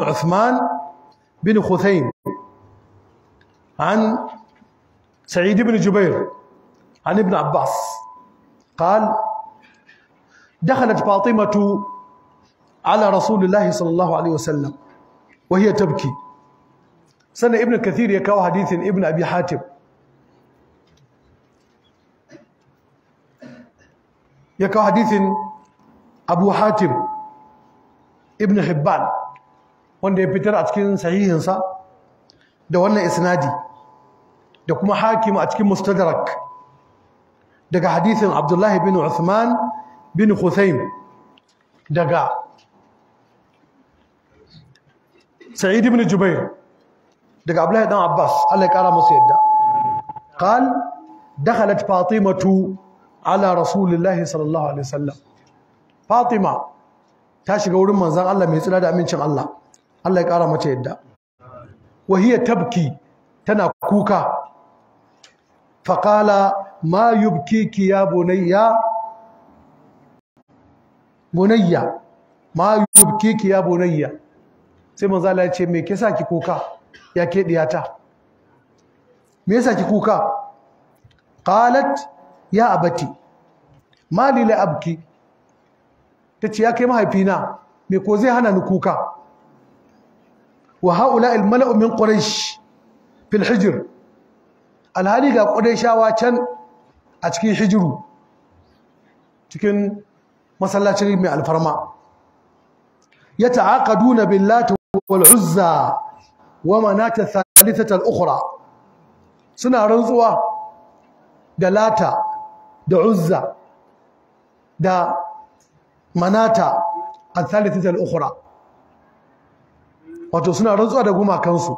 عثمان بن خثيم عن سعيد بن جبير عن ابن عباس قال دخلت فاطمة على رسول الله صلى الله عليه وسلم وهي تبكي سنة ابن كثير يكاو حديث ابن أبي حاتم يكاو حديث أبو حاتم ابن حبان wanda ya fitar a cikin sahihinsa da wannan isnadi da kuma hakim a cikin mustadrak daga hadisin abdullahi bin usman bin husayn daga sa'id ibn jubair daga abdullahi dan abbas allah ya kara musu yadda قال دخلت فاطمة على رسول الله صلى الله عليه وسلم فاطمة ta shiga wurin manzan Allah mai tsira da amincin Allah Allah ya ƙara mace yadda wahiya tabki tana kuka faƙala ma yubkiki ya bunayya bunayya ma yubkiki ya bunayya sai manzo Allah ya ce me kisa ki kuka ya ke diyata me yasa ki kuka qalat ya abati mali abuki. abki tace ya kai mahaifina me ko zai hana ni kuka wa haula al mala'u min fil hijr alhali ga qurayshawa can a cikin hijiru cikin masallacin mai alfarma ya ta'aqaduna billati wal wa manata suna rantsuwa da lata da uzza da manata al thalithata wato suna rantsuwa da gumakansu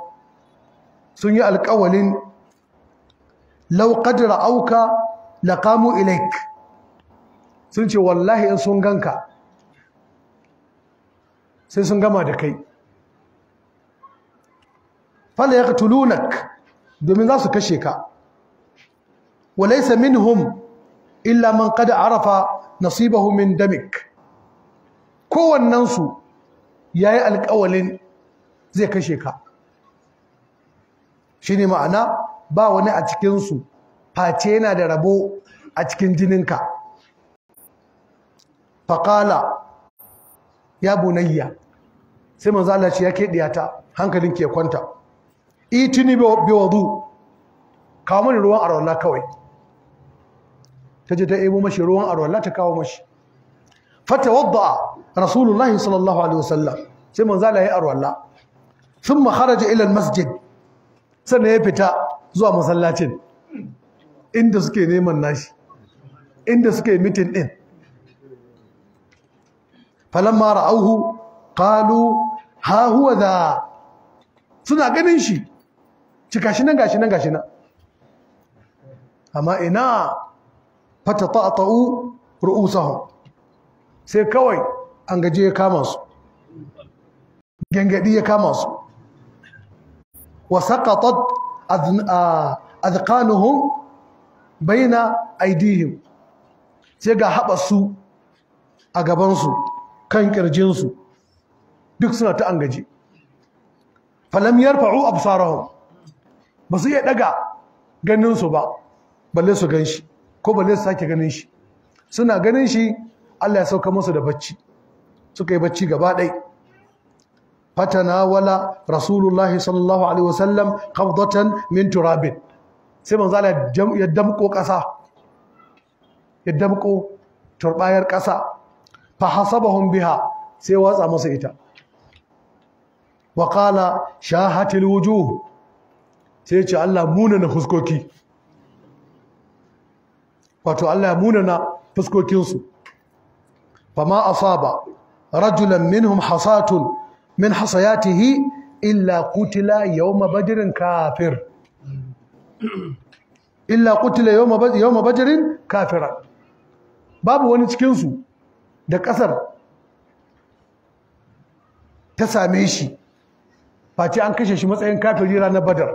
sun yi alƙawalin law auka laqamu ilaik sun ce wallahi in sun ganka sai sun gama da kai fala yaqtulunak domin za su kashe ka walaysa minhum illa man kada arafa nasibahu min damik kowannensu yayi alƙawalin zai kashe ka shi ne ma'ana ba wani a cikinsu face yana da rabo a cikin jininka faƙala ya bunayya sai manzo ce ya ke ta hankalin ke kwanta itini bi wadu. kawo mani ruwan arwalla kawai ta je ta ebo mashi ruwan arwalla ta kawo mashi Fata fatawadda rasulullahi sallallahu alaihi wasallam sai manzo Allah ya arwalla sun maharaja ilan masjid sannan ya fita zuwa masallacin inda suke neman nashi inda suke mitin din falamma ra'awhu qalu ha huwa suna ganin shi Cika shi nan gashi nan gashi nan amma ina fatatata'u ru'usahum sai kawai an gaje ya kama su gangadi ya kama su وسقطت أذقانهم بين أيديهم سيقى a gabansu kan ƙirjinsu duk suna ta an gaji falam yarfa'u absarahum ba su iya ɗaga ganinsu ba balle su gan shi ko balle su sake ganin shi suna ganin shi Allah ya sauka musu da bacci suka yi bacci gaba ɗaya fatanawala rasulullahi sallallahu alaihi wasallam qabdatan min turabin sai manzo Allah ya damko kasa ya damko turbayar kasa fa hasabahum biha sai watsa musu ita Wakala qala shahatil wujuh sai ce Allah muna na fuskoki wato Allah muna na fuskokinsu fa ma asaba rajulan minhum hasatun min hasayatihi illa kutila yawma badrin kafir illa kutila yawma badrin kafira babu wani cikin su da kasar ta same shi face an kashe shi matsayin kafiri ranar badar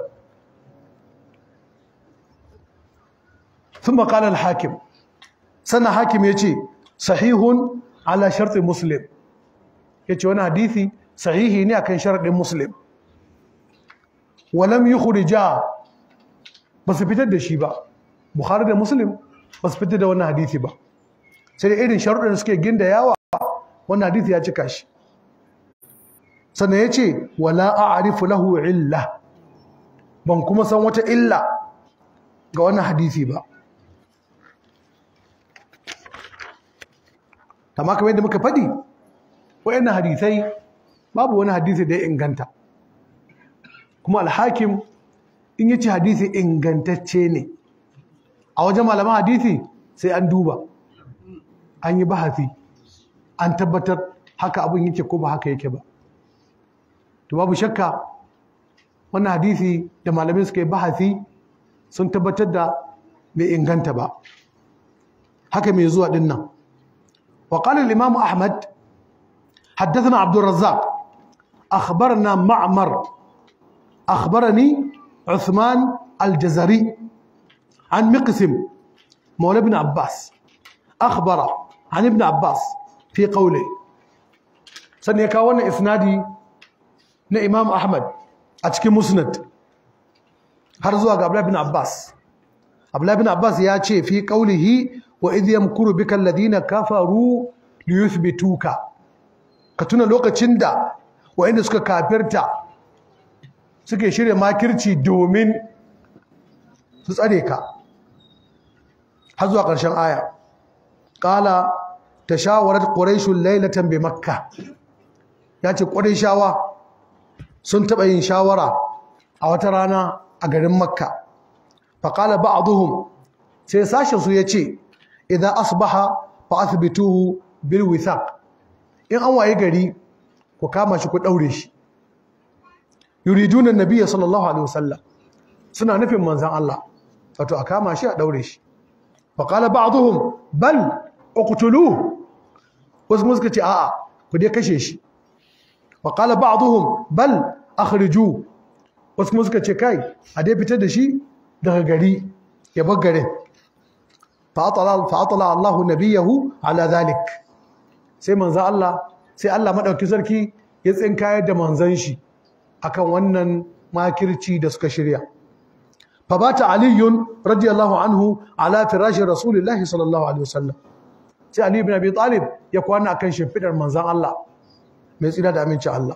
hakim, قال hakim ya ce, sahihun ala على muslim ya ce wani حديثي sahihi ne akan sharaɗin muslim walam yukhrija ba su fitar da shi ba bukhari da muslim ba su fitar da wannan hadisi ba sai da irin sharuɗin suke ginda yawa wannan hadisi ya cika shi sannan ya ce wala a'rifu lahu illa ban kuma san wata illa ga wannan hadisi ba amma kamar yadda muka faɗi wa'annan hadisai babu wani hadisi da ya inganta kuma alhakim in yace hadisi ingantacce ne a wajen malaman hadisi sai an duba an yi bahasi an tabbatar haka abin yake ko ba haka yake ba to babu shakka wannan hadisi da malamin suka yi bahasi sun tabbatar da bai inganta ba haka mai zuwa dinnan wa qala al ahmad حدثنا عبد الرزاق أخبرنا معمر أخبرني عثمان الجزري عن مقسم مولى ابن عباس أخبر عن ابن عباس في قوله سنيكاون إسنادي na Imam Ahmad a cikin Musnad har zuwa ga Abdullah bin Abbas Abdullah bin Abbas ya ce fi qaulihi wa idh yamkuru bika alladhina kafaru liyuthbituka ka tuna lokacin da wa'inda suka kafirta suke shirya makirci domin su tsare ka har zuwa ƙarshen aya ƙala ta shawarar ƙwaraishun lailatan bai makka ya ce shawa sun taɓa yin shawara a wata rana a garin makka faƙala ba a duhun sai su ya ce idan asbaha fa asibituhu bil in an waye gari ku kama shi ku ɗaure shi Yuridunan Nabiya sallallahu alaihi wasallam suna nufin manzon Allah wato a kama shi a ɗaure shi fa qala ba'dhum bal uqtuluhu wasu musu ce a'a ku dai kashe shi wa qala ba'dhum bal akhriju wasu musu ce kai a dai fitar da shi daga gari ya bar garin fa atala Allahu nabiyahu ala zalik sai manzo Allah sai Allah maɗauki sarki ya tsinkayar da manzan shi akan wannan makirci da suka shirya fabata aliyun radiyallahu anhu ala firashin rasulillahi sallallahu alaihi wasallam sai ali ibn abi talib ya kwana akan shimfidar manzan Allah mai tsira da aminci Allah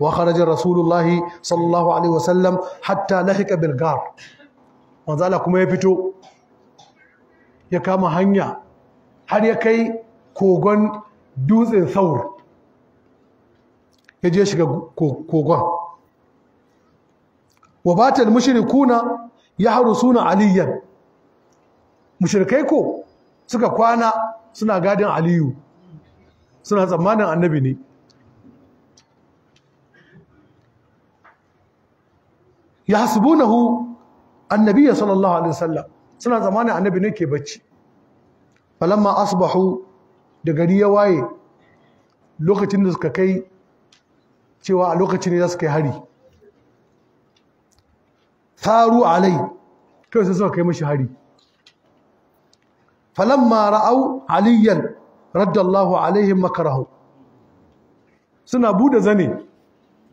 wa kharaja rasulullahi sallallahu alaihi wasallam hatta lahika bil gar manzan Allah kuma ya fito ya kama hanya har ya kai kogon dutsen saur ya je shiga kogon wa batal mushrikuna ya haru suna aliyan mushrikai ko suka kwana suna gadin aliyu suna tsammanin annabi ne ya hasbunahu ya sallallahu alaihi wasallam suna tsammanin annabi ne ke bacci falamma asbahu da gari ya waye lokacin da suka kai cewa a lokacin ne za su kai hari tharu alai kai sai suka kai mashi hari falamma ra'au aliyan raddallahu alaihim makarahu suna bude zane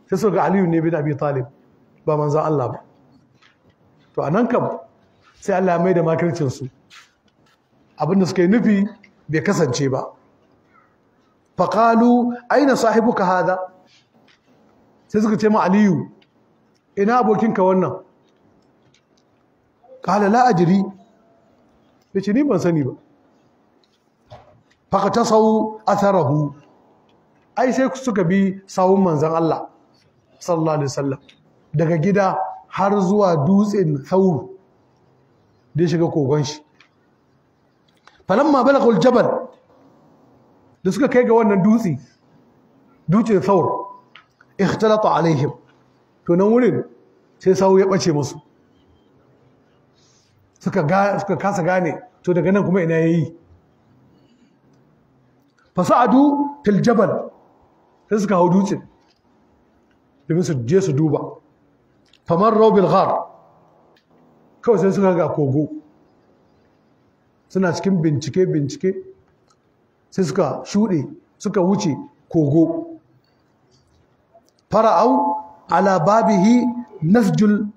sai suka ga aliyu ne bin abi talib ba manzan Allah ba to anan kam sai Allah mai da makircin su abinda suka yi nufi bai kasance ba faqalu aina sahibuka hada. sai suka ce ma aliyu ina abokinka wannan kala la'ajiri da ce ni ban sani ba faka ta sau hu. ai sai suka bi sawun manzan Allah sallallahu alaihi wasallam daga gida har zuwa dutsen sauru da shiga kogon shi ma balakul jabal da suka kai ga wannan dutse dutsen sauru ikhtalata alaihim to nan wurin sai sahu ya bace musu suka kasa gane to daga nan kuma ina yayi fasa'adu til jabal sai suka hau dutse domin su je su duba famar robin ghar kawai sai suka ga kogo suna cikin bincike bincike sai suka shuɗe suka wuce kogo fara'au ala babihi nasjul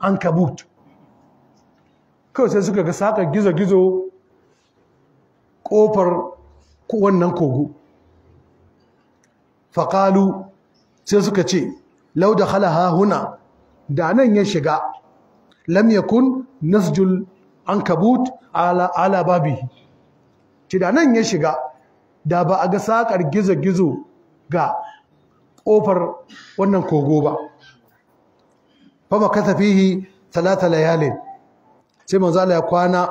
ankabut kawai sai suka ga saka gizo-gizo wannan kogo faƙalu sai suka ce lau da halaha huna da nan ya shiga lam yakun nasjul ankabut ala ala ci da nan ya shiga da ba a ga saƙar gizo-gizo ga Ƙofar wannan kogo ba fama kasa fihi talata layalin sai manzo Allah ya kwana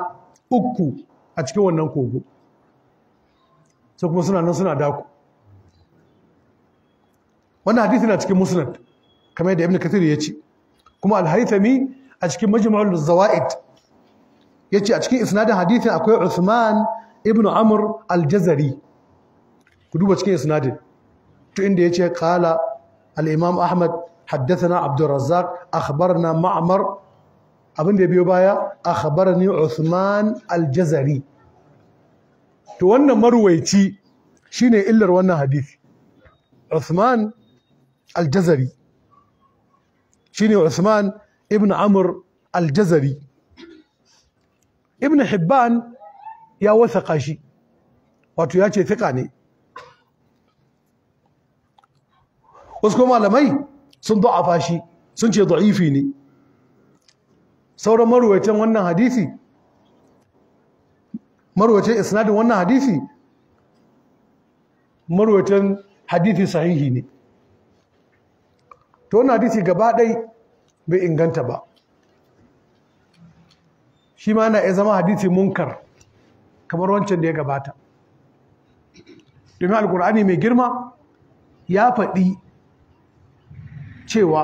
uku a cikin wannan kogo sai kuma suna nan suna daku wannan hadisi na cikin musnad kamar yadda ibn kathir ya ce kuma al a cikin majmu'ul zawaid ce a cikin isnadin hadisin akwai Usman ibn Amr al-Jazari ku duba cikin isnadin to inda yace qala al-imam ahmad haddathana abdurrazzak razzaq akhbarna ma'mar abin da biyo baya akhbarani uthman al-jazari to wannan marwaici shine illar wannan hadisi uthman al-jazari shine uthman ibn Amur al-jazari ibn hibban ya wasa shi wato ya ce fiƙa ne wasu kuma malamai sun da'afa shi sun ce za'ifi ne sauran maruwaitan wannan hadisi maruwaitan isnadin wannan hadisi maruwaitan hadisi sahihi ne to wannan hadisi gaba ɗai bai inganta ba shi ma yana iya zama hadisi munkar kamar wancan da ya gabata domin alkur'ani mai girma ya faɗi cewa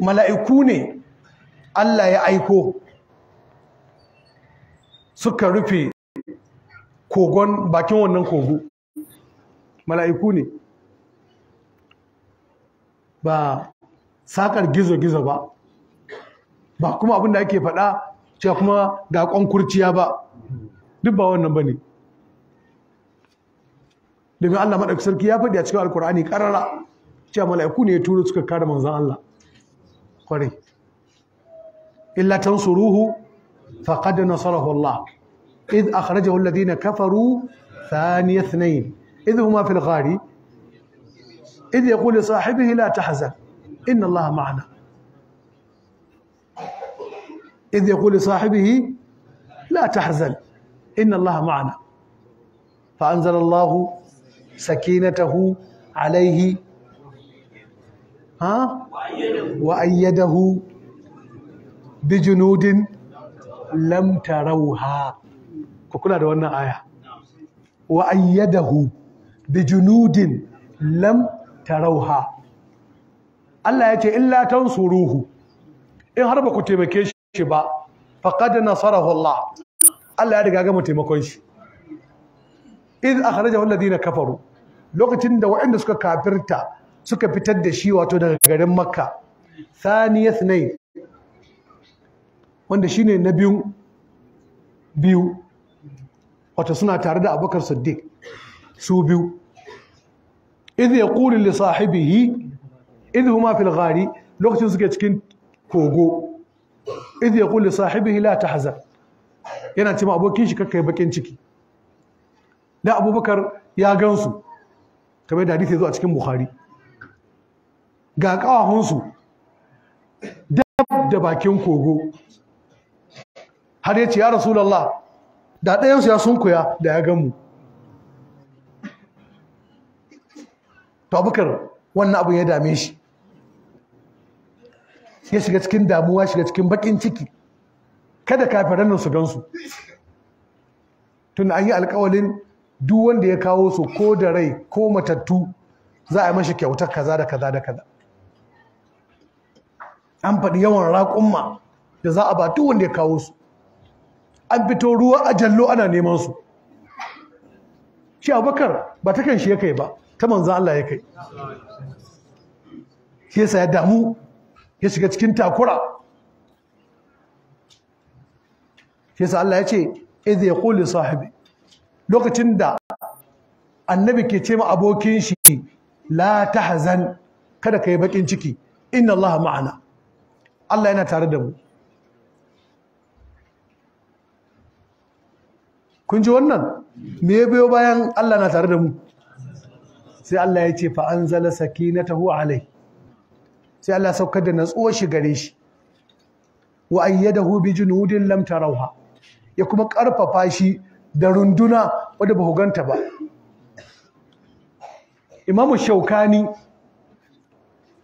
mala'iku ne Allah ya aiko suka rufe kogon bakin wannan kogo mala'iku ne ba sakar gizo-gizo ba ba kuma abin ake faɗa cewa kuma ga kurciya ba duk ba wannan ba ne domin Allah maɗauki sarki ya faɗi a cikin alkur'ani ƙarara cewa mala'iku ne ya turo suka kare manzon Allah kware illa tansuruhu faqad nasarahu Allah id akhrajahu alladhina kafaru thani ithnain id huma fil ghari id yaqul li sahibihi la tahzan inna Allah ma'ana id yaqul li sahibihi لا تحزن إن الله معنا فأنزل الله سكينته عليه ha wa ayyadahu bi junudin ku kula da wannan aya wa ayyadahu bi junudin lam tarauha Allah ya ce illa tansuruhu in har ba ku taimake shi ba faqad nasarahu Allah Allah ya riga gama taimakon shi iz akhrajahu alladhina kafaru lokacin da waɗanda suka kafirta suka fitar da shi wato daga garin makka saniya sinai wanda ne na biyu biyu wato suna tare da abokan siddiq su biyu ya yaqulu li sahibihi idh huma fil lokacin suke cikin kogo ya yaqulu li sahibihi la tahzan yana cewa abokin shi kakkai bakin ciki da abubakar ya gansu kamar da hadisi zo a cikin buhari ga ƙawahunsu dab da bakin kogo har ya ce ya rasulallah da ɗayansu ya sunkuya da ya gamu to abubakar wannan abin ya dame shi ya shiga cikin damuwa shiga cikin bakin ciki kada kafiran nan su gansu tun an yi alkawalin duk wanda ya kawo su ko da rai ko matattu za a yi mashi kyautar kaza da kaza da kaza an faɗi yawan raƙumma da za a ba tuwon wanda ya kawo su an fito ruwa a jallo ana neman su shi abubakar ba ta kan shi ya kai ba ta manzan Allah ya kai shi ya damu ya shiga cikin takura shi ya Allah ya ce ya kuli sahibi lokacin da annabi ke ce ma abokin shi la ta hazan kada ka yi baƙin ciki inna Allah ma'ana Allah yana tare da mu kun ji wannan me ya biyo bayan Allah na tare da mu sai Allah ya ce fa anzala sakinatahu alai sai Allah saukar da natsuwar shi gare shi wa ayyadahu bi junudin lamta rauha. ya kuma karfafa shi da runduna wadda ba ganta ba imamu shaukani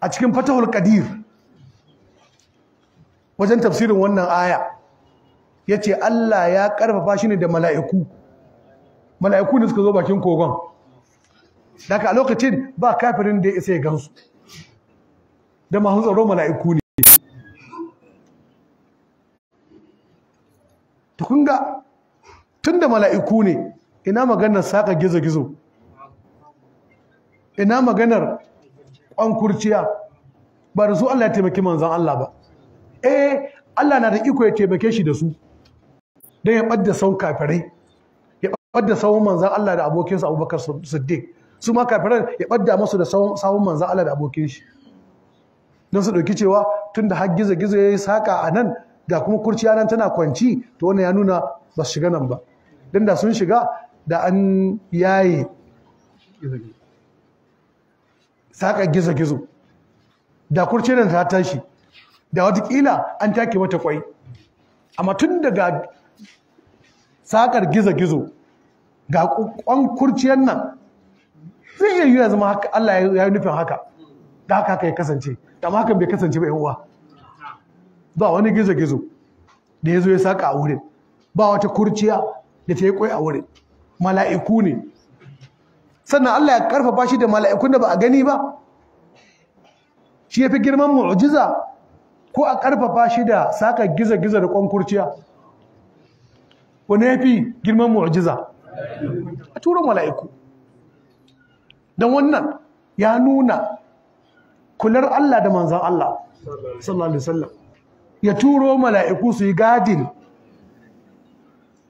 a cikin fatahul qadir wajen tafsirin wannan aya ya ce Allah ya ƙarfafa shi ne da mala'iku mala'iku ne suka zo bakin kogon daga a lokacin ba kafirin da ya isa ya gansu da masu tsaro mala'iku ne ta kunga tun da mala'iku ne ina maganar saƙa gizo-gizo ina maganar ƙwankurciya ba da su Allah ya taimaki manzan Allah ba eh Allah na da iko ya taimake shi da su dan ya ɓadda sau kafirai ya ɓadda sawun manzan Allah da sa Abubakar Siddiq su ma kafirai ya ɓadda masu da sawun manzan Allah da abokin shi don su ɗauki cewa tun da har gizo-gizo ya yi saƙa a nan ga kuma kurciya nan tana kwanci to wannan ya nuna ba su shiga nan ba don da sun shiga da an yaye saƙa gizo-gizo da kurciyar nan ta tashi da watakila an take mata kwai amma tun daga sakar gizo-gizo ga kwan kurciyar nan zai iya yi ya zama haka Allah ya yi nufin haka da haka haka ya kasance da ma hakan bai kasance ba uwa ba wani gizo-gizo da ya zo ya saka a wurin ba wata kurciya da ta yi kwai a wurin mala'iku ne sannan Allah ya karfafa shi da mala'ikun da ba a gani ba shi ya fi girman mu'ujiza ko a ƙarfafa shi da saka giza-giza da ƙwankurciya wani ya fi girman mu'ajiza a turon mala'iku don wannan ya nuna kular Allah da manzan Allah sallallahu alaihi wasallam ya turo mala'iku su yi gadin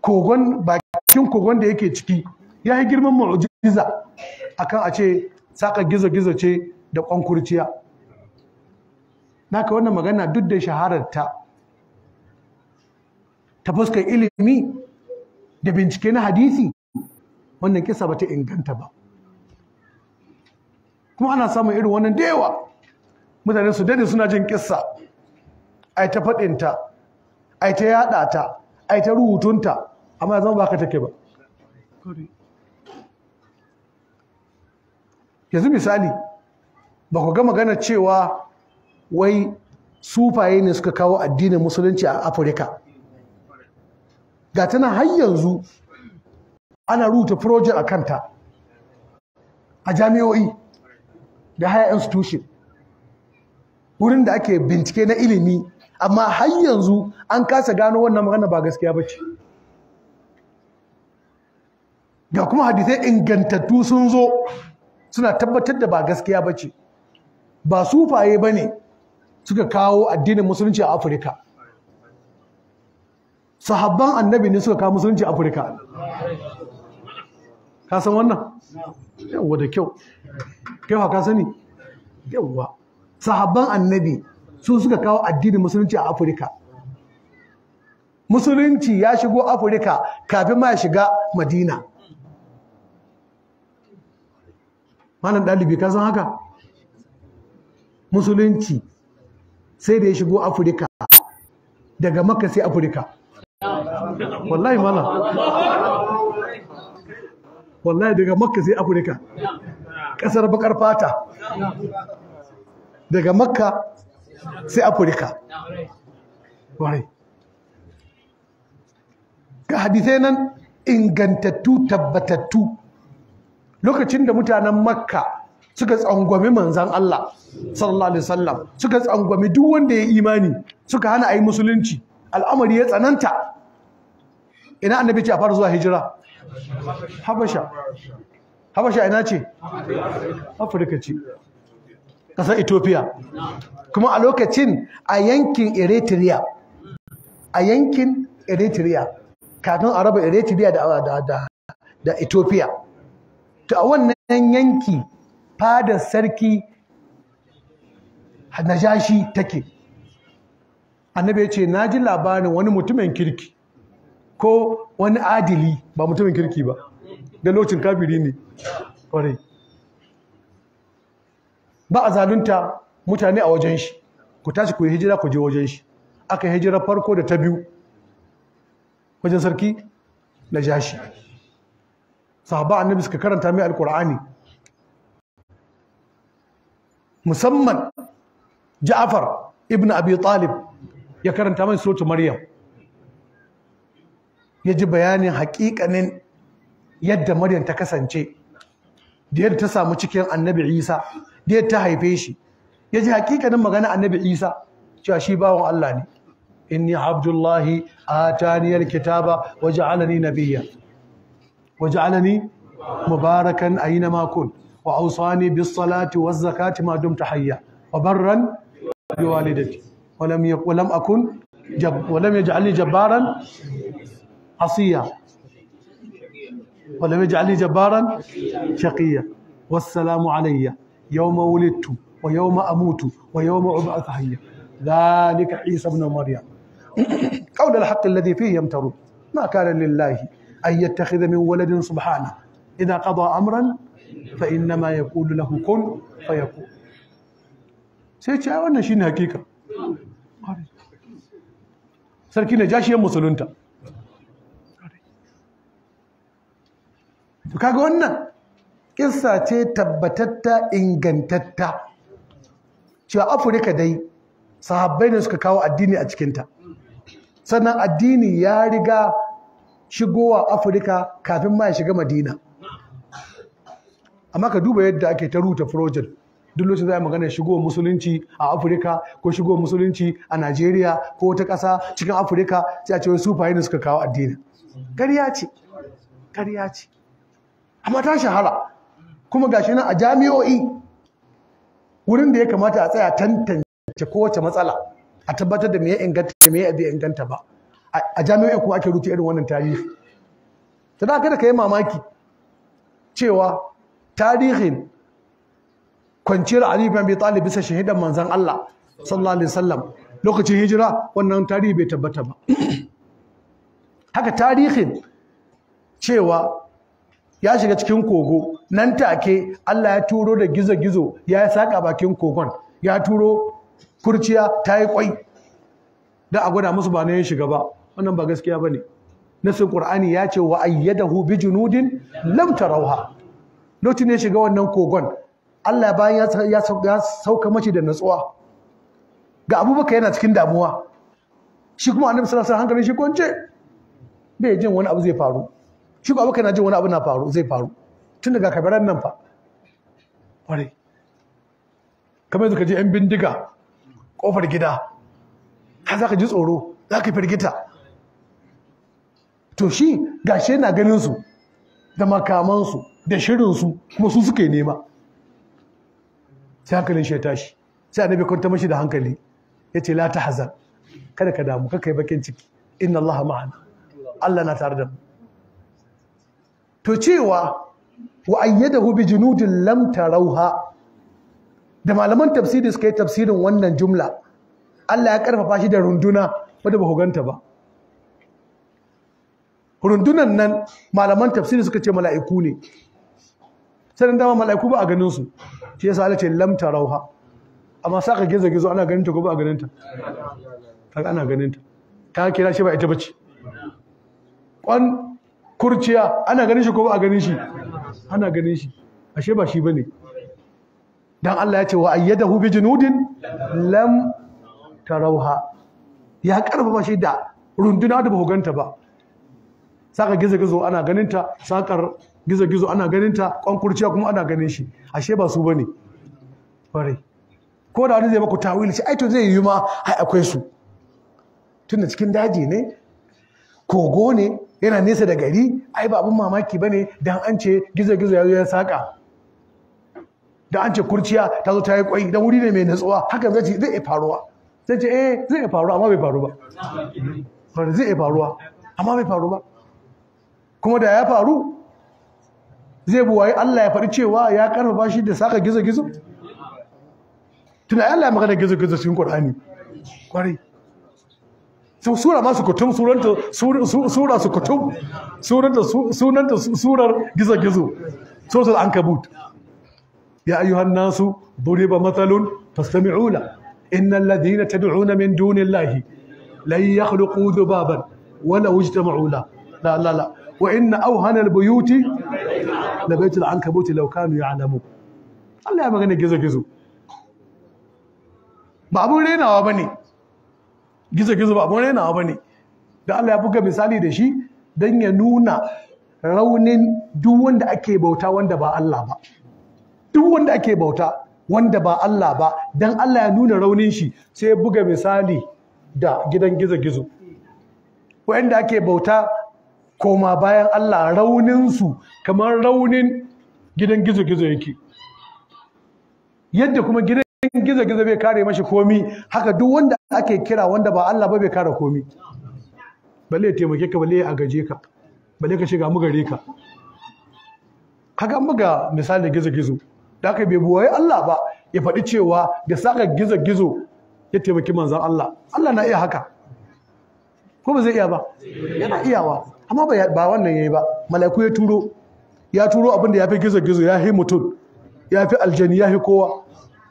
kogon bakin kogon da yake ciki ya yi girman mu'ajiza akan a ce saka gizo-gizo ce da kwankurciya naka wannan magana duk da shahararta ta fuskar ilimi da bincike na hadisi wannan kisa ba ta inganta ba kuma ana samun irin wannan da yawa mutane su dade suna jin kisa ai ta faɗinta ai ta yaɗa ta ai ta rubutunta amma ya zama ba ka take ba yanzu misali ba ku ga magana cewa wai sufaye ne suka kawo addinin musulunci a afirka ga tana har yanzu ana rubuta project a kanta a jami'o'i da higher institution wurin da ake bincike na ilimi amma har yanzu an kasa gano wannan magana ba gaskiya ba ce ga kuma hadisai ingantattu sun zo suna tabbatar da ba gaskiya ba ce ba sufaye ba ne suka kawo addinin musulunci a afirka sahabban annabi ne suka kawo musulunci a afirka ka san wannan yawwa da kyau kai ka sani yawwa sahabban annabi su suka kawo addinin musulunci a afirka musulunci ya shigo afirka kafin ma ya shiga madina malam dalibi ka san haka musulunci sai da ya shigo afirka daga makka sai afirka wallahi mana wallahi daga makka sai afirka ƙasar bakar fata daga makka sai afirka wai ga hadisai nan ingantattu tabbatattu lokacin da mutanen makka suka tsangwami manzan Allah sallallahu alaihi wasallam suka tsangwami duk wanda ya imani suka hana ayi musulunci al'amari ya tsananta ina annabi ce a fara zuwa hijira habasha habasha ina ce afirka ce ƙasar ethiopia kuma a lokacin a yankin eritrea a yankin eritrea kafin a raba eritrea da da da, da ethiopia to a wannan yanki fadar sarki na jashi take annabi ya ce na ji labarin wani mutumin kirki ko wani adili ba mutumin kirki ba da lokacin kafiri ne ƙwarai ba a zalunta mutane a wajen shi ku tashi ku yi hijira ku je wajen shi aka hijira farko da ta biyu wajen sarki na jashi sahaba annabi suka karanta mai alkur'ani musamman Ja'far ibn Abi Talib ya karanta mai Sotu Maryam ya ji bayanin hakikanin yadda Maryam ta kasance da yadda ta samu cikin Annabi Isa da yadda ta haife shi ya ji hakikanin magana Annabi Isa cewa shi bawon Allah ne inni abdullahi ataniyal kitaba waja'alani nabiyya al'ani mubarakan aina ma وأوصاني بالصلاة والزكاة ما دمت حيا وبرا بوالدتي ولم يك ولم أكن جب ولم يجعلني جبارا عصيا ولم يجعلني جبارا شقيا والسلام علي يوم ولدت ويوم أموت ويوم أبعث حيا ذلك عيسى ابن مريم قول الحق الذي فيه يمترون ما كان لله أن يتخذ من ولد سبحانه إذا قضى أمرا fa innama yaqulu lahu kun fayakun sai ce wannan shine hakika sarki na jashiyar musulunta to kaga wannan kissa ce tabbatatta ingantatta cewa afirka dai sahabbai ne suka kawo addini a cikinta sannan addini ya riga shigowa afirka kafin ma ya shiga madina amma ka duba yadda ake ta ruta project duk lokacin za a magana shigo musulunci a afirka ko shigo musulunci a najeriya ko wata ƙasa cikin afirka sai a ce wai sufaye ne suka kawo addini ƙarya ce ƙarya ce amma ta shahara kuma gashi nan a jami'o'i wurin da ya kamata a tsaya tantance kowace matsala a tabbatar da me ya inganta da me ya bai inganta ba a jami'o'i kuma ake rubuta irin wannan tarihi ta da kada ka yi mamaki cewa tarihin kwanciyar Ali bin Abi Talib bisa shahidan manzon Allah sallallahu alaihi wasallam lokacin hijira wannan tarihi bai tabbata ba haka tarihin cewa ya shiga cikin kogo nan take Allah ya turo da gizo-gizo ya saka bakin kogon ya turo kurciya ta yi kwai da a gwada musu ba na yin shiga ba wannan ba gaskiya ba ne nasin ƙur'ani ya ce wa ayyadahu bi junudin lam rauha. lokacin da ya shiga wannan kogon Allah bayan ya sauka mace da natsuwa ga abubakar yana cikin damuwa shi kuma annabi sallallahu alaihi hankalin shi kwance bai jin wani abu zai faru shi kuma abubakar na jin wani abu na faru zai faru tun daga kabaran nan fa kware kamar yanzu ka ji yan bindiga kofar gida ka za ka ji tsoro za ka firgita to shi gashi yana ganin su da makamansu da shirinsu kuma su suke nema sai hankalin shi ya tashi sai annabi kwanta mashi da hankali ya ce la tahzan kada ka damu kaka bakin ciki inna allaha ma'ana allah na tare da mu to cewa wa ayyadahu bi junudin lam tarauha da malaman tafsiri suka yi tafsirin wannan jumla Allah ya karfafa shi da runduna wanda ba ku ganta ba rundunan nan malaman tafsiri suka ce mala'iku ne sai dama mala'iku ba a ganin su shi yasa Allah ce lam tarauha amma saka gizo gizo ana ganin ta ko ba a ganin ta kaga ana ganin ta ta kira shi ba ita bace kwan kurciya ana ganin shi ko ba a ganin shi ana ganin shi ashe ba shi bane dan Allah ya ce wa ayyadahu bi junudin lam tarauha ya karfafa shi da runduna da ba ganta ba saka gizo gizo ana ganin ta sakar gizo-gizo ana ganin ta kurciya kuma ana ganin shi ashe ba su ne ko da wani zai maku tawili shi aito zai yi ma ai akwai su tunda cikin daji ne kogo ne yana nesa da gari ai ba abin mamaki ba ne da an ce gizo-gizo ya yi ya saka da an ce kurciya ta zo ta yi kwai don wuri ne mai natsuwa hakan zai ce zai iya faruwa zai ce eh zai iya faruwa amma bai faru ba zai iya faruwa amma bai faru ba kuma da ya faru zai buwaye Allah ya faɗi cewa ya karfafa shi da saka gizo gizo tuna Allah ya magana gizo gizo cikin Qur'ani kwarai sau sura masu kutum sura su kutum sunanta surar gizo gizo suratul ankabut ya ayyuhan nasu duriba mathalun fastami'u la innal ladina tad'una min dunillahi lan yakhluqu dhubaban wala yajtami'u la la la wa inna auhana albuyuti la baitul ankabuti law kanu ya'lamu Allah ya magana gizo gizo ba abun renawa bane gizo gizo ba abun renawa bane da Allah ya buga misali da shi dan ya nuna raunin duk wanda ake bauta wanda ba Allah ba duk wanda ake bauta wanda ba Allah ba dan Allah ya nuna raunin shi sai ya buga misali da gidan gizo-gizo wanda ake bauta koma bayan Allah rauninsu kamar raunin gidan gizo-gizo yake yadda kuma gidan gizo-gizo bai kare mashi komi haka duk wanda ake kira wanda ba Allah ba bai kare komi balle taimake ka balle a gaje ka balle ka shiga mu gare ka Haka muga misali gizo-gizo da aka bai buwaye Allah ba ya faɗi cewa da saka gizo-gizo ya taimaki manzan Allah Allah na iya haka ko ba zai iya ba yana iyawa amma ba wannan yayi ba mala'iku ya turo ya turo abin da ya fi gizo-gizo ya fi mutum ya fi aljani ya fi kowa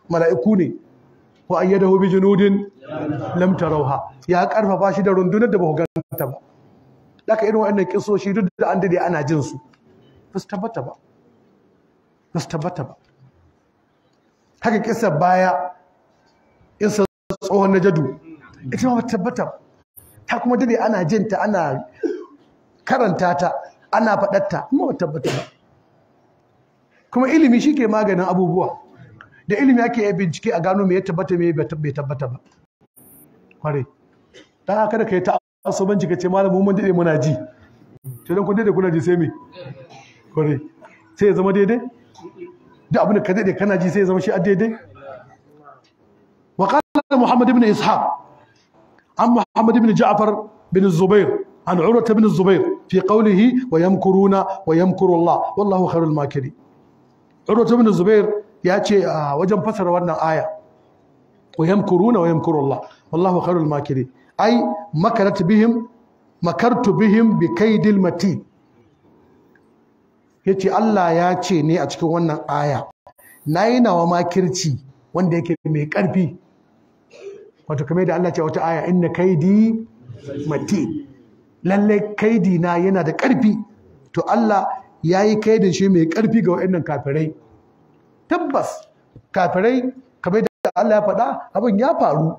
mala'iku ne wa an yadahu bi junudin lam tarauha ya karfafa shi da rundunar da ba ku ganta ba daka irin wannan kisoshi duk da an dade ana jin su ba su tabbata ba ba su tabbata ba haka kisa baya in sa tsohon najadu ita ma ba tabbata ta kuma dade ana jinta ana karanta ta ana faɗatta kuma ba tabbata ba kuma ilimi shi ke maganin abubuwa da ilimi ake yi bincike a gano me ya tabbata me bai tabbata ba kware dan haka da kai ta asubanci ka ce malamu mun dade muna ji to dan kun dade kuna ji sai me kware sai ya zama daidai duk abin da ka dade kana ji sai ya zama shi a daidai wa qala muhammad ibn ishaq an muhammad ibn ja'far bin zubair عن عروة بن الزبير في قوله ويمكرون ويمكر الله والله خير الماكرين عروة بن الزبير ياتي وجن فسر وانا آية ويمكرون ويمكر الله والله خير الماكرين أي مكرت بهم bi kaidil mati yace Allah ya ce ne a cikin wannan aya nayi nawa makirci wanda yake mai karfi wato kamar da Allah ce wata aya na kaidi mati lallai na yana da ƙarfi to Allah ya yi kaidin shi mai ƙarfi ga waɗannan kafirai tabbas kafirai kamar da Allah ya faɗa abin ya faru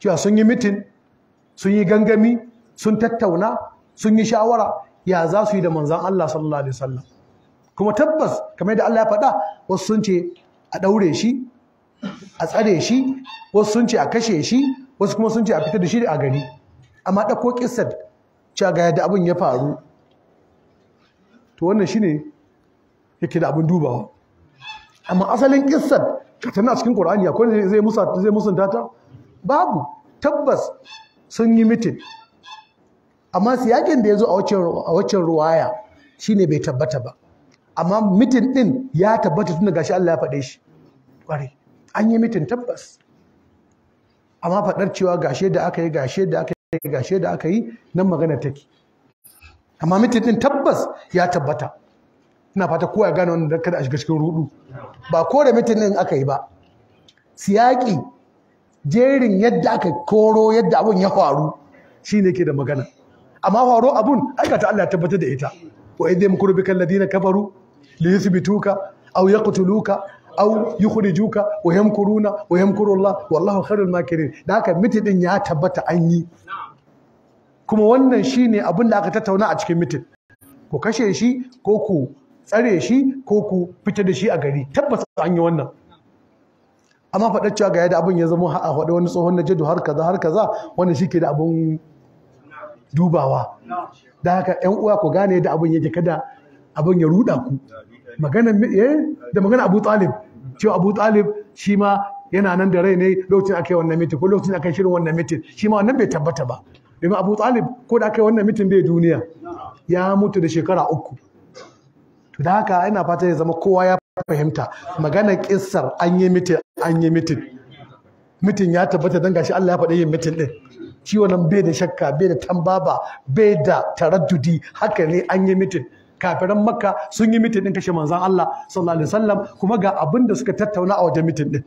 cewa sun yi mitin sun yi gangami sun tattauna sun yi shawara ya za su yi da manzan Allah sallallahu alaihi wasallam kuma tabbas kamar da Allah ya faɗa wasu sun ce a ɗaure shi a tsare shi wasu sun ce a kashe shi wasu kuma sun ce a fita da shi a gari amma ɗauko ƙisar cewa ga yadda abin ya faru to wannan shine yake da abin dubawa amma asalin ƙisar ka tana cikin ƙur'ani akwai ne zai musa zai musunta ta babu tabbas sun yi mitin amma siyakin da ya zo a waccan ruwaya shine bai tabbata ba amma mitin din ya tabbata tun da gashi Allah ya faɗe shi ƙwarai an yi mitin tabbas amma faɗar cewa gashe da aka yi gashe da aka yi gashe da aka yi nan magana take amma mitin din tabbas ya tabbata ina fata kowa ya gane wannan kada a shiga cikin rudu ba kore da din aka yi ba siyaki jerin yadda aka koro yadda abun ya faru shine ke da magana amma faru abun aka ta Allah ya tabbatar da ita wa idhim kurbikal ladina kafaru li yuthbituka aw yaqtuluka au yukhrijuka wa yamkuruna wa yamkurullah wallahu khairul makirin da haka mitin din ya tabbata an yi kuma wannan ne abin da aka tattauna a cikin mitin ku kashe shi ko ku tsare shi ko ku fita da shi a gari tabbas an yi wannan amma faɗa cewa ga yadda abin ya zama a haɗe wani tsohon na jadu har kaza har kaza wannan shi ke da abin dubawa da haka 'yan uwa ku gane da abin yake kada abin ya ruɗa ku maganar eh, da magana Abu Talib cewa Abu Talib shi ma yana nan da rai ne lokacin aka yi wannan mitin ko lokacin aka yi shirin wannan mitin shi ma wannan bai tabbata ba domin Abu Talib ko da aka yi wannan mitin bai duniya ya mutu da shekara uku to da haka ina fata ya zama kowa ya fahimta maganar kissar an yi mitin an yi mitin mitin ya tabbata dan gashi Allah ya faɗa yin mitin din ciwon bai da shakka bai da tambaba bai da taraddudi haka ne an yi mitin kafiran makka sun yi mitin din kashe manzan Allah sallallahu alaihi wasallam kuma ga abin da suka tattauna a wajen mitin din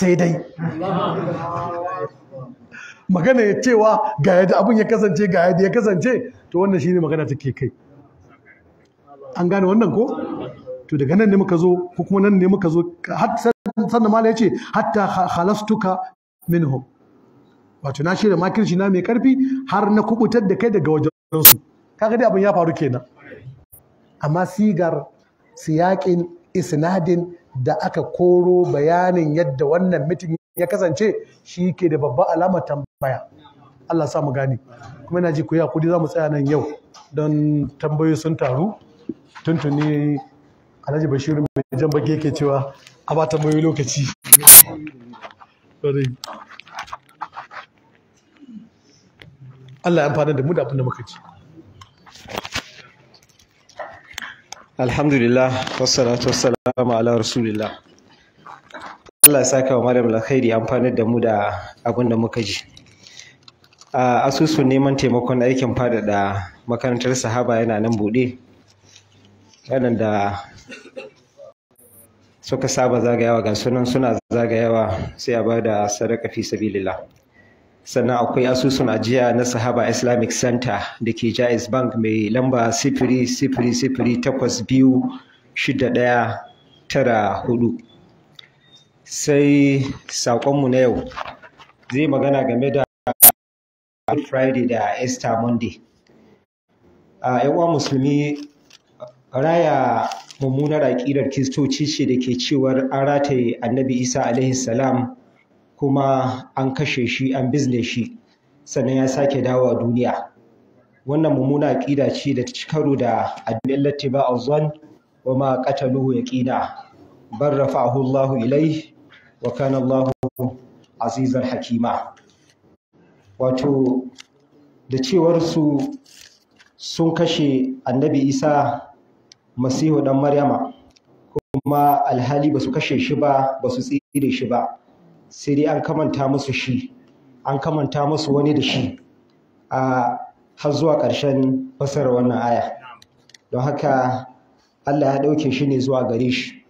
sai dai magana ya cewa ga yadda abin ya kasance ga yadda ya kasance to wannan shine magana take kai an gane wannan ko to daga nan ne muka zo ko kuma nan ne muka zo sannan mala ya ce hatta halastuka minhum wato na shirya makirci na mai karfi har na kubutar da kai daga wajen su kaga dai abin ya faru kenan amma sigar siyakin isnadin da aka koro bayanin yadda wannan mitin ya kasance shi ke da babba alamar tambaya Allah sa mu gane kuma yana ji ku ya kudi za mu tsaya nan yau don tambayoyi sun taru tuntuni Alhaji bashiru mai jan bage yake cewa a ba tambayoyi lokaci Allah ya amfana da mu da abin da muka ci alhamdulillah wassalatu wassalamu ala rasulillah Allah ya saka wa malam alkhairi amfanar da mu da abin da muka ji asusun neman taimakon aikin faɗaɗa makarantar sahaba yana nan buɗe da suka saba zagayawa ga sunan suna zagayawa sai a ba da sadaka fi sabilillah sannan akwai asusun ajiya na sahaba islamic center da ke jais bank mai lamba sifiri biyu ɗaya sai saƙonmu na yau zai magana game da friday da easter monday a yawa musulmi raya mummunar aƙidar kiristoci ce da ke cewar an rataye annabi isa alaihi kuma an kashe shi an bizne shi sannan ya sake dawowa duniya wannan mummuna aƙida ce da ta ci karo da addinin a zuwan wa ma qataluhu yaqina bar rafa'ahu Allah ilai wa kana Allah azizan hakima wato da cewar su sun kashe annabi Isa Masihu dan Maryama kuma alhali ba su kashe shi ba ba su tsire shi ba sai dai an kamanta musu shi an kamanta musu wani da shi a har zuwa ƙarshen fasara wannan aya don haka Allah ya ɗauke shi ne zuwa gare shi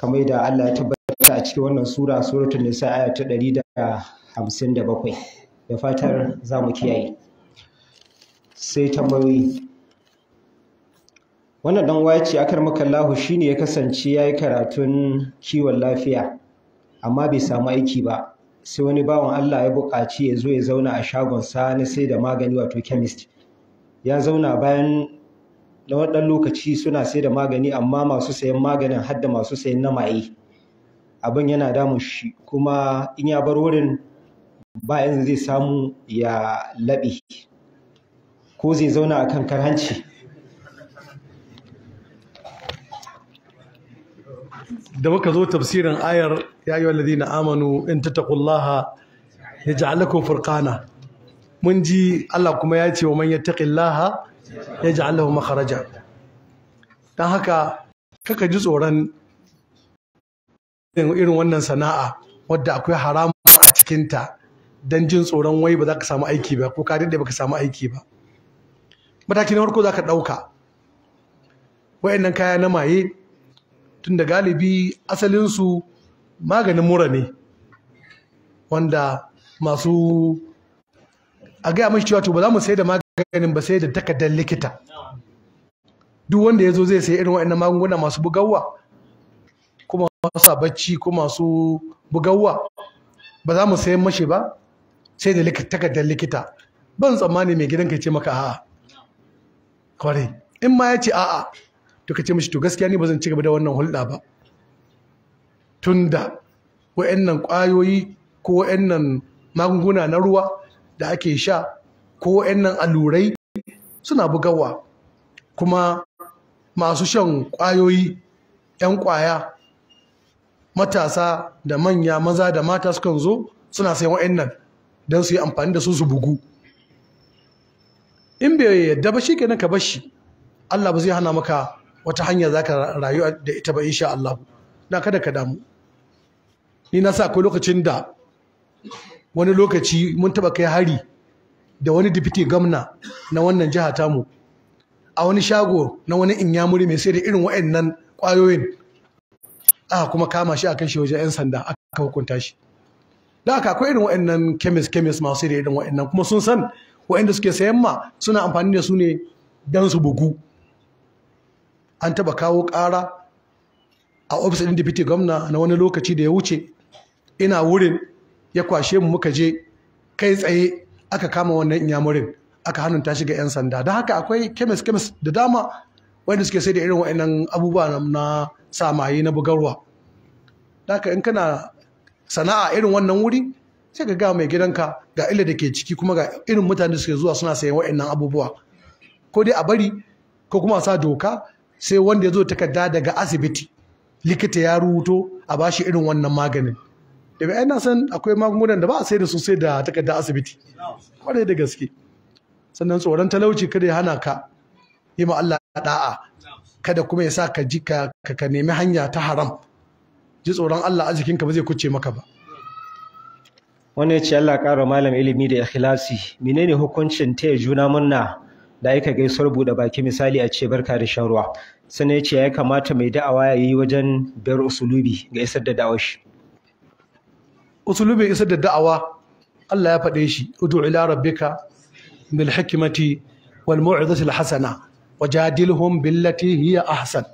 kamar da Allah ya tabbata a cikin wannan sura suratul nisa aya ta 157 da fatar za mu kiyaye sai tambayoyi wannan dan waye ce akar makallahu ne ya kasance ya yi karatun kiwon lafiya amma bai samu aiki ba sai wani bawan Allah ya buƙaci ya zo ya zauna a shagonsa na sai da magani wato chemist ya zauna bayan na waɗan lokaci suna sai da magani amma masu sayan maganin har da masu sayan na maye abin yana damun shi kuma in ya bar wurin ba yanzu zai samu ya laɓe ko zai zauna akan karhanci da muka zo tafsirin ayar ya ayyuha alladhina amanu in tattaqullaha yaj'al lakum furqana mun ji Allah kuma ya ce wa man yattaqillaha yaj'al lahu makharaja dan haka kaka ji tsoron irin wannan sana'a wadda akwai haramun a cikinta don jin tsoron wai ba za ka samu aiki ba ko ka daɗe ba ka samu aiki ba mataki na farko za ka ɗauka wayannan kaya na maye tun da galibi asalinsu maganin mura ne wanda masu a gaya mashi cewa to ba za mu sai da maganin ba sai da takardar likita duk wanda ya zo zai sai irin waɗannan magunguna masu bugawa kuma masu bacci ko masu bugawa ba za mu sayan mashi ba sai da takardar likita ban tsammani mai gidan ka ce maka a'a kwarai in ma ya ce a'a to ka ce mashi to gaskiya ni ba zan ci gaba da wannan hulɗa ba tunda wa'annan ƙwayoyi ko wa'annan magunguna na ruwa da ake sha ko wa'annan allurai suna bugawa kuma masu shan ƙwayoyi 'yan ƙwaya matasa da manya maza da mata sukan zo suna sayan wa'annan don su yi amfani da su su bugu in bai yadda ba shi kenan ka bar shi Allah ba zai hana maka wata hanya za ka rayu da ita ba insha Allah na kada ka damu ni na sa akwai lokacin da wani lokaci mun taba kai hari da wani deputy gamna na wannan jiha tamu a wani shago na wani inyamuri mai sai da irin wa'annan kwayoyin A kuma kama shi akan shi wajen 'yan sanda aka hukunta shi da aka akwai irin wa'annan kemis kemis masu sai da irin wa'annan kuma sun san wa'anda suke sayan ma suna amfani da su ne don su bugu an taba kawo kara a ofis ɗin difitin gwamna na wani lokaci da ya wuce ina wurin ya kwashe mu muka je kai tsaye aka kama wannan inyamurin aka hannunta shi ga 'yan sanda da haka akwai kemis kemis da dama wanda suke sai da irin wa'annan abubuwa na samaye na bugarwa da haka in kana sana'a irin wannan wuri sai ka ga mai gidanka ga illa da ke ciki kuma ga irin mutane da suke zuwa suna sayan wa'annan abubuwa ko dai a bari ko kuma sa doka sai wanda ya zo takarda daga asibiti likita ya rubuto a bashi irin wannan maganin da bai na san akwai magungunan da ba a sai da su da takardar asibiti kwarai da gaske sannan tsoron talauci kada ya hana ka yi ma Allah da'a kada kuma ya sa ka ji ka ka nemi hanya ta haram ji tsoron Allah a ka ba zai kuce maka ba wannan ce Allah ƙara malam ilimi da ikhlasi menene hukuncin taya juna murna da aika gaisuwar buɗe baki misali a ce barka da shan ruwa sannan ya ce ya kamata mai da'awa ya yi wajen biyar usulubi ga isar da da'awar shi usulubin isar da da'awa Allah ya faɗe shi udu ila rabbika bil hikmati wal mu'izati al hasana wajadilhum billati hiya ahsan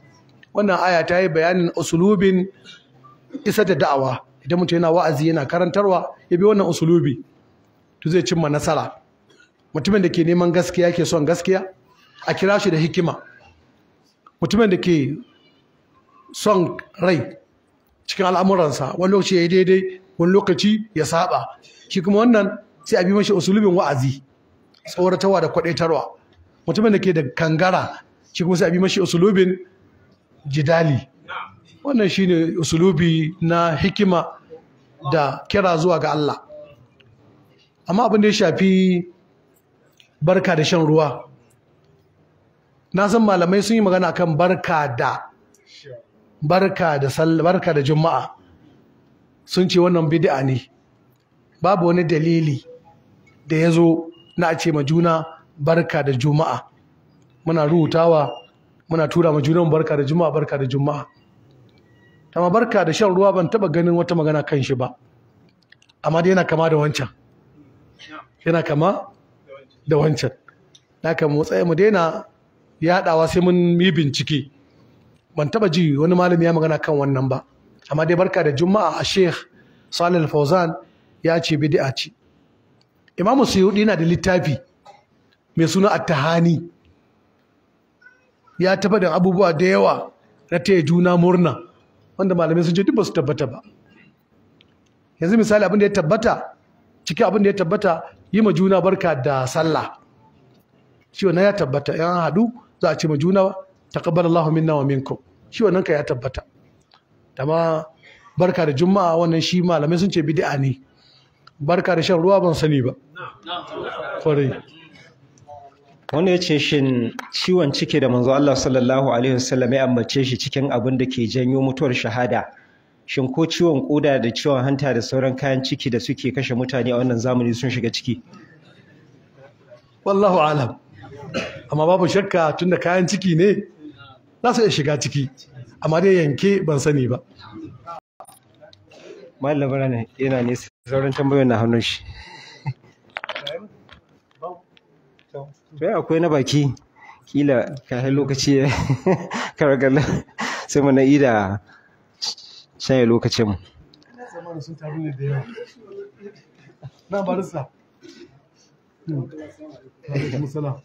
wannan aya ta yi bayanin usulubin isar da da'awa idan mutum yana wa'azi yana karantarwa ya bi wannan usulubi to zai cimma nasara mutumin da ke neman gaskiya ke son gaskiya a kira shi da hikima mutumin da ke son rai cikin al'amuransa wani lokaci ya yi daidai wani lokaci ya saba shi kuma wannan sai a bi mashi usulubin wa'azi tsoratarwa da kwadaitarwa mutumin da ke da kangara shi kuma sai a bi mashi usulubin jidali wannan shine usulubi na hikima da kira zuwa ga Allah amma abin da ya shafi barka da shan ruwa na san malamai sun yi magana kan barka barka da barka da juma'a sun ce wannan bid'a ne babu wani dalili da ya zo na ce ma juna barka da juma'a muna rubutawa muna tura ma junan barka da juma'a barka da juma'a amma barka da shan ruwa ban taba ganin wata magana kan shi ba amma dai yana kama da wancan yana kama da wancan haka mu tsaye mu daina yaɗawa sai mun yi bincike ban taba ji wani malami ya magana kan wannan ba amma dai barka da juma'a a sheikh salil fauzan ya ce bid'a ce imam suyudi yana da littafi mai suna attahani ya taba da abubuwa da yawa na taya juna murna wanda malamai sun ce duk ba su tabbata ba yanzu misali abin da ya tabbata cikin abin da ya tabbata yi ma juna barka da sallah shi wannan ya tabbata yan haɗu za a ce ma juna taqabbalallahu minna wa minkum shi wannan ka ya tabbata da ma barka da juma'a wannan shi malamai sun ce bid'a ne barka da shan ruwa ban sani ba kwarai wani ya ce shin ciwon ciki da manzo Allah sallallahu alaihi wasallam ya ambace shi cikin abin da ke janyo mutuwar shahada shin ko ciwon koda da ciwon hanta da sauran kayan ciki da suke kashe mutane a wannan zamani sun shiga ciki wallahu alam amma babu shakka tunda kayan ciki ne za su iya shiga ciki amma dai yanke ban sani ba malam ne yana ne sauran tambayoyin na hannun shi Bai akwai na baki kila ka lokaci karagalla sai mu na ida shaye lokacin mu na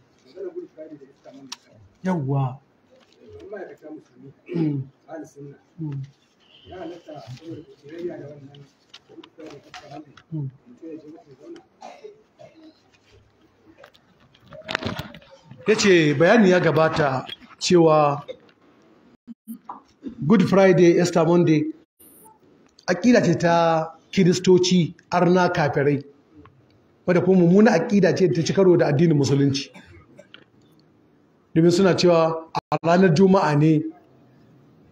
yawwa ya ce bayani ya gabata cewa good friday easter monday aƙida ce ta kiristoci arna kafirai wadda kuma mummuna aƙida ce ta ci karo da addinin musulunci domin suna cewa a ranar juma'a ne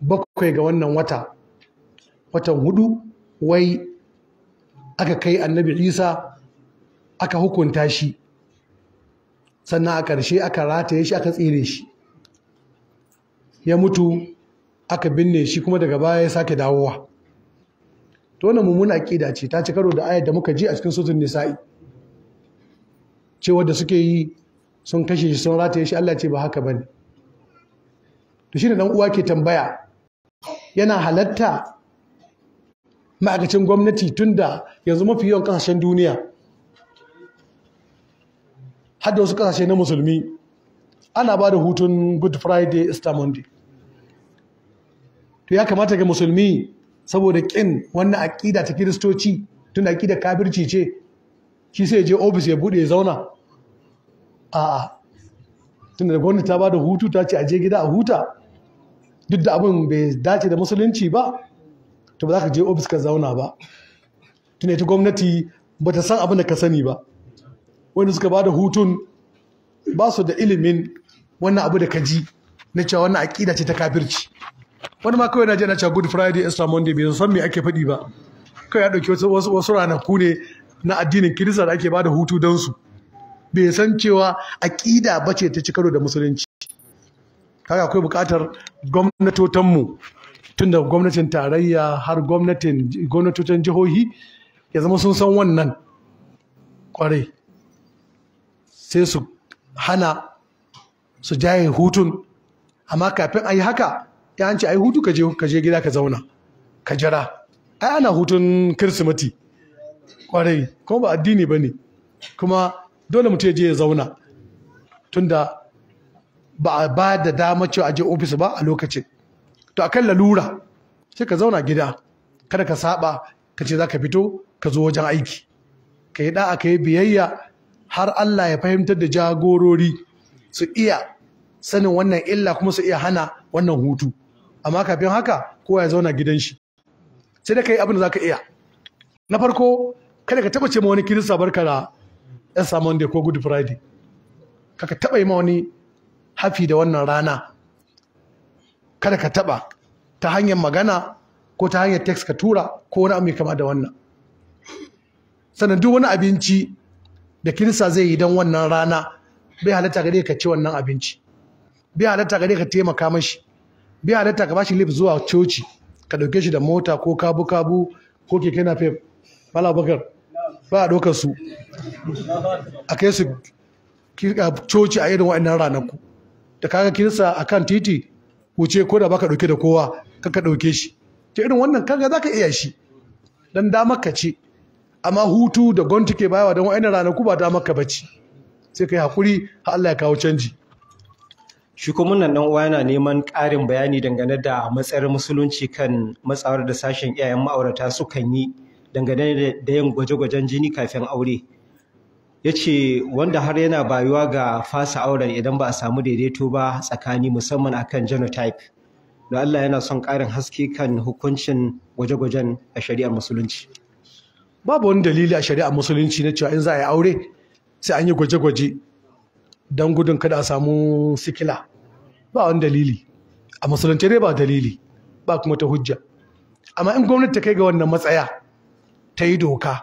bakwai ga wannan wata watan hudu wai aka kai annabi isa aka hukunta shi sannan a ƙarshe aka rataye shi aka tsere shi ya mutu aka binne shi kuma daga baya ya sake dawowa to wannan mummuna aƙida ce ta ci karo da ayat da muka ji a cikin sutun nisa'i cewa da suke yi sun kashe shi sun rataye shi Allah ce ba haka bane to shine dan uwa ke tambaya yana halatta ma'aikacin gwamnati tunda yanzu mafi yawan kasashen duniya har wasu kasashe na musulmi ana ba da hutun good friday easter monday to ya kamata ga musulmi saboda kin wannan akida ta kiristoci tun akida kafirci ce shi sai je ofis ya bude ya zauna a'a tunda da gwamnati ta ba da hutu ta ce a je gida a huta duk da abin bai dace da musulunci ba to ba za ka je ofis ka zauna ba tunda ita gwamnati ba ta san abin da ka sani ba wanda suka ba da hutun ba su da ilimin wannan abu da ka ji na cewa wannan aƙida ce ta kafirci wani ma kawai na je na cewa good friday extra monday bai san me ake faɗi ba kawai ya ɗauki wasu ranaku ne na addinin kirista da ake ba da hutu don su bai san cewa aƙida ba ce ta ci karo da musulunci kaga akwai buƙatar gwamnatotanmu tun da gwamnatin tarayya har gwamnatin jihohi ya zama sun san wannan kwarai sai su hana su jaye hutun amma kafin a yi haka ya hanci a yi hutu ka je gida ka zauna ka jira ai ana hutun kirsimati kwarai kuma ba addini ba ne kuma dole mutum je ya zauna tunda ba a ba da dama cewa je ofis ba a lokacin to a kan lalura sai ka zauna gida kada ka saba ka ce za ka fito ka zo wajen aiki ka yi da'a ka yi biyayya har Allah ya fahimtar da jagorori su iya sanin wannan illa kuma su iya hana wannan hutu amma kafin haka kowa ya zauna gidan shi sai da ka yi abin da za ka iya na farko kada ka taba ce ma wani kirista barka da Easter Monday ko Good Friday kaka taba yi ma wani hafi da wannan rana kada ka taba ta hanyar magana ko ta hanyar text ka tura ko wani abu mai kama da wannan sannan duk wani abinci da kirista zai yi don wannan rana bai halatta gare ka ci wannan abinci bai halatta gare ka taimaka mashi bai halatta ka bashi lif zuwa coci ka ɗauke shi da mota ko kabu kabu ko keke fef bala bakar ba a ɗaukar su a kai su coci a irin wa'annan ranaku da kaga kinsa a kan titi wuce ko da baka ɗauke da kowa kan ka ɗauke shi ta irin wannan kaga za ka iya shi don damar ka ce amma hutu da gwamnati ke bayawa don wa'annan ranaku ba damar ka bace sai ka yi haƙuri har Allah ya kawo canji. shi kuma nan dan uwa yana neman ƙarin bayani dangane da matsayar musulunci kan matsawar da sashen iyayen ma'aurata sukan yi dangane da yin gwaje-gwajen jini kafin aure ya ce wanda har yana bayuwa ga fasa auren idan ba a samu daidaito ba tsakani musamman akan genotype da Allah yana son ƙarin haske kan hukuncin gwaje-gwajen a shari'ar musulunci babu wani dalili a shari'ar musulunci na cewa in za a yi aure sai an yi gwaje-gwaje don gudun kada a samu sikila ba wani dalili a musulunci dai ba dalili ba kuma ta hujja amma in gwamnati ta kai ga wannan matsaya ta yi doka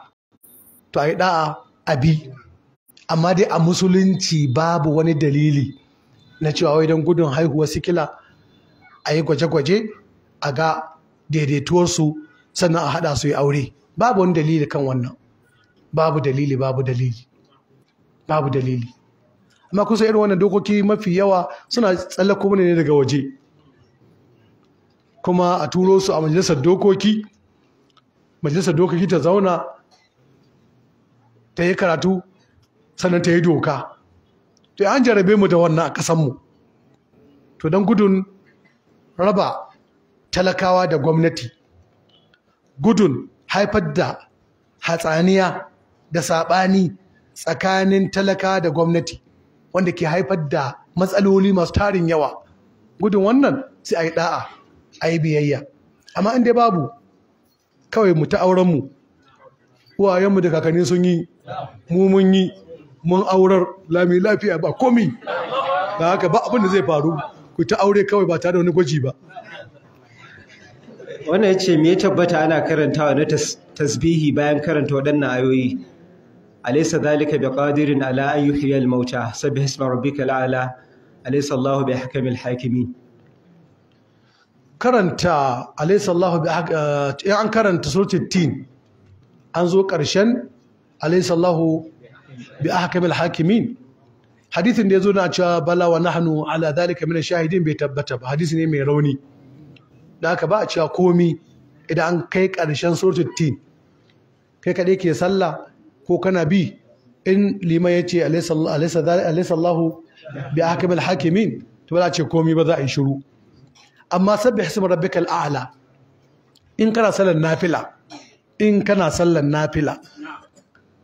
to a yi da'a a bi amma dai a musulunci babu wani dalili na cewa wai don gudun haihuwa sikila a yi gwaje-gwaje a ga daidaituwarsu sannan a haɗa su yi aure babu wani dalili kan wannan babu dalili babu dalili babu dalili amma kusa irin wannan dokoki mafi yawa suna tsallako ne daga waje kuma a turo su a majalisar dokoki majalisar dokoki ta zauna ta yi karatu sannan ta yi doka to an jarabe mu da wannan a ƙasanmu to don gudun raba talakawa da gwamnati gudun haifar da hatsaniya da saɓani tsakanin talaka da gwamnati wanda ke haifar da matsaloli masu tarin yawa gudun wannan sai a yi ɗa'a a yi biyayya amma in dai babu kawai mu ta auren mu uwayenmu da kakanni sun yi mu mun yi mun aurar lami lafiya ba komi da haka ba abin da zai faru ku ta aure kawai ba tare da wani gwaji ba wannan ya ce me ya tabbata ana karantawa na tasbihi bayan karanta waɗannan ayoyi alaysa zalika ƙadirin ala an yuhyiya mauta sabbih isma rabbikal a'la alaysa Allahu bihakamil hakimin karanta bi eh, in an karanta suratul tin an zo ƙarshen alaihissallahu bi ahkamil hakimin hadithin da yazo na cewa bala wa nahnu ala dhalika min shahidin bai tabbata ba hadisi ne mai rauni da haka ba a cewa komi idan an kai karshen suratul tin kai kaɗai ke sallah ko kana bi in liman ya ce alaihissallahu bi ahkamil hakimin to ba a ce komi ba za a yi shiru amma sabbih isma rabbikal a'la in kana sallan nafila in kana sallan nafila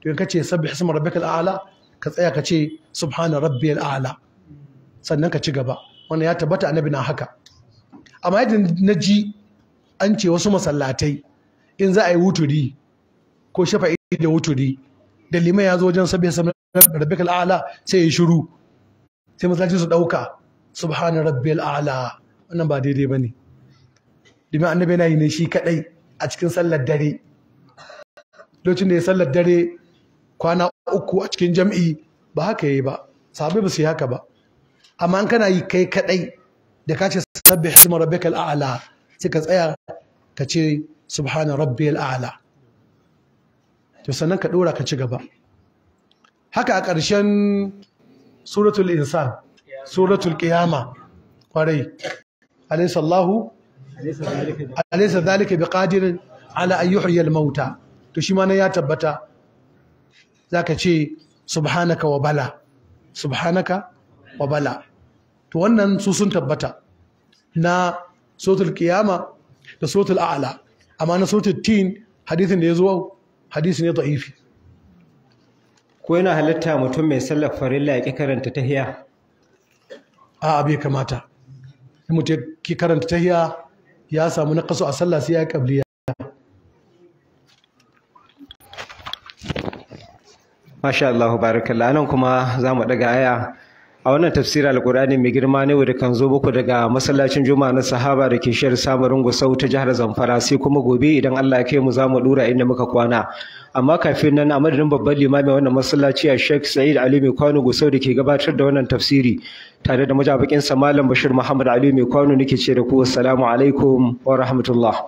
to in kace sabbih isma rabbikal a'la ka tsaya ka ce subhana rabbiyal a'la sannan ka ci gaba wannan ya tabbata annabi na haka amma yadda na ji an ce wasu masallatai in za a yi wuturi ko shafa'i da wuturi da liman ya zo wajen sabbih isma rabbikal a'la sai ya shiru sai masallaci su dauka subhana rabbiyal a'la wannan ba daidai ba ne domin annabi yana yi ne shi kaɗai a cikin sallar dare lokacin da ya sallar dare kwana uku a cikin jam'i ba haka yayi ba sahabbai ba su yi haka ba amma an kana yi kai kaɗai da ka ce sabbi hisma rabbikal a'la sai ka tsaya ka ce subhana rabbiyal a'la to sannan ka ɗora ka ci gaba haka a ƙarshen suratul insan suratul Qiyama kwarai alaysa Allahu alaysa dhalika biqadirin ala an yuhyi mauta to shi ma ya tabbata zaka ce subhanaka wa bala subhanaka wa bala to wannan sun tabbata na sautul kiyama da sautul a'la amma na sautul tin hadisin da ya zo hadisi ne da'ifi ko yana halitta mutum mai sallar farin laki karanta ta tahiya A'a bai kamata in mutum ya karanta tahiya ya samu na kaso a sallah sai ya yi ya Masha Allah, barakallah. Anan kuma za mu ɗaga aya a wannan tafsirin alkur'ani mai girma ne da kan zo muku daga masallacin juma'a na sahaba da ke shirin samarin gusau ta jihar zamfara sai kuma gobe idan allah ya kai mu za mu dura inda muka kwana amma kafin nan a madadin babban limamin wannan masallaci a sheikh sa'id ali mai kwano gusau da ke gabatar da wannan tafsiri tare da majabakin sa malam bashir muhammad ali mai kwano nake ce da ku assalamu alaikum wa rahmatullah